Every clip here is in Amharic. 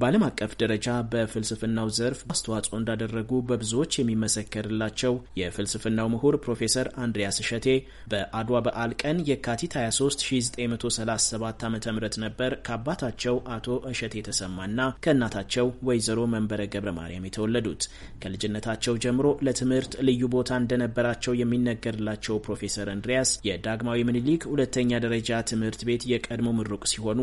በዓለም አቀፍ ደረጃ በፍልስፍናው ዘርፍ አስተዋጽኦ እንዳደረጉ በብዙዎች የሚመሰከርላቸው የፍልስፍናው ምሁር ፕሮፌሰር አንድሪያስ እሸቴ በአድዋ በዓል ቀን የካቲት 23 1937 ዓ ም ነበር ከአባታቸው አቶ እሸቴ የተሰማና ከእናታቸው ወይዘሮ መንበረ ገብረ ማርያም የተወለዱት። ከልጅነታቸው ጀምሮ ለትምህርት ልዩ ቦታ እንደነበራቸው የሚነገርላቸው ፕሮፌሰር አንድሪያስ የዳግማዊ ምኒልክ ሁለተኛ ደረጃ ትምህርት ቤት የቀድሞ ምሩቅ ሲሆኑ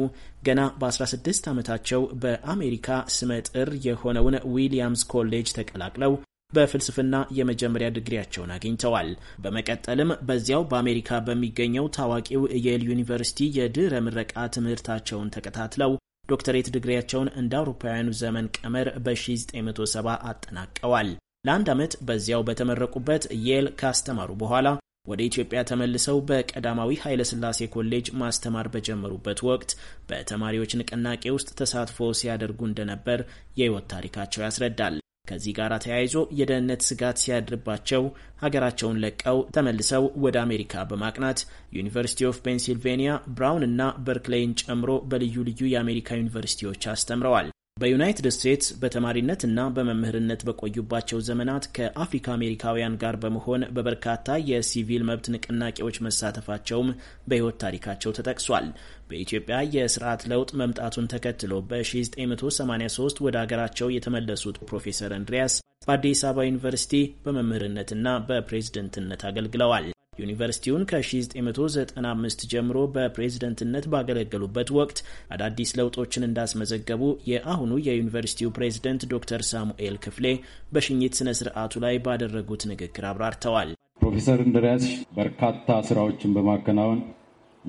ገና በ16 ዓመታቸው በአሜ የአሜሪካ ስመጥር የሆነውን ዊሊያምስ ኮሌጅ ተቀላቅለው በፍልስፍና የመጀመሪያ ድግሪያቸውን አግኝተዋል። በመቀጠልም በዚያው በአሜሪካ በሚገኘው ታዋቂው የል ዩኒቨርሲቲ የድህረ ምረቃ ትምህርታቸውን ተከታትለው ዶክተሬት ድግሪያቸውን እንደ አውሮፓውያኑ ዘመን ቀመር በ1970 አጠናቀዋል። ለአንድ ዓመት በዚያው በተመረቁበት የል ካስተማሩ በኋላ ወደ ኢትዮጵያ ተመልሰው በቀዳማዊ ኃይለስላሴ ኮሌጅ ማስተማር በጀመሩበት ወቅት በተማሪዎች ንቅናቄ ውስጥ ተሳትፎ ሲያደርጉ እንደነበር የሕይወት ታሪካቸው ያስረዳል። ከዚህ ጋር ተያይዞ የደህንነት ስጋት ሲያድርባቸው ሀገራቸውን ለቀው ተመልሰው ወደ አሜሪካ በማቅናት ዩኒቨርሲቲ ኦፍ ፔንሲልቬኒያ፣ ብራውን እና በርክሌይን ጨምሮ በልዩ ልዩ የአሜሪካ ዩኒቨርሲቲዎች አስተምረዋል። በዩናይትድ ስቴትስ በተማሪነት እና በመምህርነት በቆዩባቸው ዘመናት ከአፍሪካ አሜሪካውያን ጋር በመሆን በበርካታ የሲቪል መብት ንቅናቄዎች መሳተፋቸውም በሕይወት ታሪካቸው ተጠቅሷል። በኢትዮጵያ የስርዓት ለውጥ መምጣቱን ተከትሎ በ1983 ወደ አገራቸው የተመለሱት ፕሮፌሰር እንድሪያስ በአዲስ አበባ ዩኒቨርሲቲ በመምህርነትና በፕሬዝደንትነት አገልግለዋል። ዩኒቨርሲቲውን ከ1995 ጀምሮ በፕሬዝደንትነት ባገለገሉበት ወቅት አዳዲስ ለውጦችን እንዳስመዘገቡ የአሁኑ የዩኒቨርሲቲው ፕሬዝደንት ዶክተር ሳሙኤል ክፍሌ በሽኝት ስነ ስርዓቱ ላይ ባደረጉት ንግግር አብራርተዋል። ፕሮፌሰር እንድሪያስ በርካታ ስራዎችን በማከናወን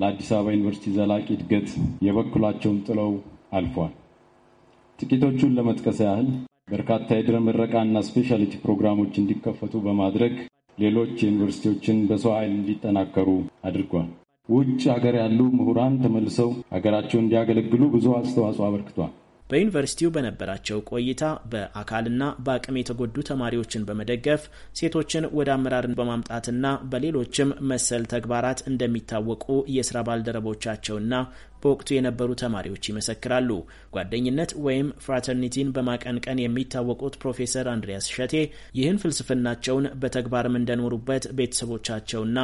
ለአዲስ አበባ ዩኒቨርሲቲ ዘላቂ እድገት የበኩላቸውን ጥለው አልፏል። ጥቂቶቹን ለመጥቀስ ያህል በርካታ የድረ ምረቃና ስፔሻሊቲ ፕሮግራሞች እንዲከፈቱ በማድረግ ሌሎች ዩኒቨርሲቲዎችን በሰው ኃይል እንዲጠናከሩ አድርጓል። ውጭ ሀገር ያሉ ምሁራን ተመልሰው ሀገራቸውን እንዲያገለግሉ ብዙ አስተዋጽኦ አበርክቷል። በዩኒቨርሲቲው በነበራቸው ቆይታ በአካልና በአቅም የተጎዱ ተማሪዎችን በመደገፍ ሴቶችን ወደ አመራር በማምጣትና በሌሎችም መሰል ተግባራት እንደሚታወቁ የስራ ባልደረቦቻቸውና በወቅቱ የነበሩ ተማሪዎች ይመሰክራሉ። ጓደኝነት ወይም ፍራተርኒቲን በማቀንቀን የሚታወቁት ፕሮፌሰር አንድሪያስ ሸቴ ይህን ፍልስፍናቸውን በተግባርም እንደኖሩበት ቤተሰቦቻቸውና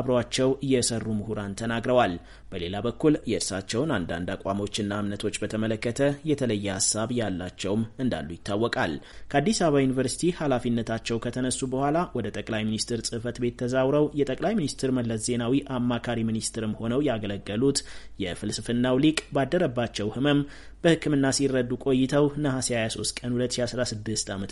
አብረዋቸው የሰሩ ምሁራን ተናግረዋል። በሌላ በኩል የእርሳቸውን አንዳንድ አቋሞችና እምነቶች በተመለከተ የተለየ ሀሳብ ያላቸውም እንዳሉ ይታወቃል። ከአዲስ አበባ ዩኒቨርሲቲ ኃላፊነታቸው ከተነሱ በኋላ ወደ ጠቅላይ ሚኒስትር ጽህፈት ቤት ተዛውረው የጠቅላይ ሚኒስትር መለስ ዜናዊ አማካሪ ሚኒስትርም ሆነው ያገለገሉት የፍልስፍናው ሊቅ ባደረባቸው ህመም በሕክምና ሲረዱ ቆይተው ነሐሴ 23 ቀን 2016 ዓ ም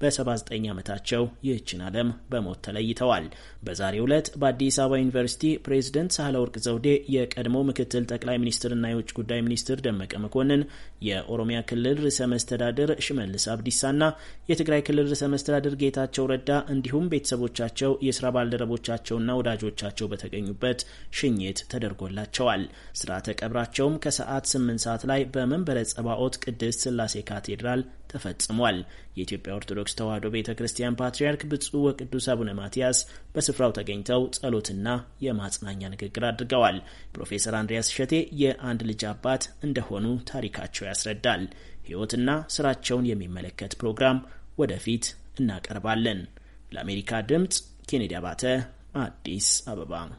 በ79 ዓመታቸው ይህችን ዓለም በሞት ተለይተዋል። በዛሬ ዕለት በአዲስ የአዲስ አበባ ዩኒቨርሲቲ ፕሬዝደንት ሳህለወርቅ ዘውዴ፣ የቀድሞ ምክትል ጠቅላይ ሚኒስትርና የውጭ ጉዳይ ሚኒስትር ደመቀ መኮንን፣ የኦሮሚያ ክልል ርዕሰ መስተዳድር ሽመልስ አብዲሳና የትግራይ ክልል ርዕሰ መስተዳድር ጌታቸው ረዳ እንዲሁም ቤተሰቦቻቸው፣ የስራ ባልደረቦቻቸውና ወዳጆቻቸው በተገኙበት ሽኝት ተደርጎላቸዋል። ስርዓተ ቀብራቸውም ከሰዓት 8 ሰዓት ላይ በመንበረ ጸባኦት ቅድስት ስላሴ ካቴድራል ተፈጽሟል። የኢትዮጵያ ኦርቶዶክስ ተዋሕዶ ቤተ ክርስቲያን ፓትርያርክ ብፁዕ ወቅዱስ አቡነ ማትያስ በስፍራው ተገኝተው ጸሎትና የማጽናኛ ንግግር አድርገዋል። ፕሮፌሰር አንድሪያስ እሸቴ የአንድ ልጅ አባት እንደሆኑ ታሪካቸው ያስረዳል። ሕይወትና ስራቸውን የሚመለከት ፕሮግራም ወደፊት እናቀርባለን። ለአሜሪካ ድምፅ ኬኔዲ አባተ አዲስ አበባ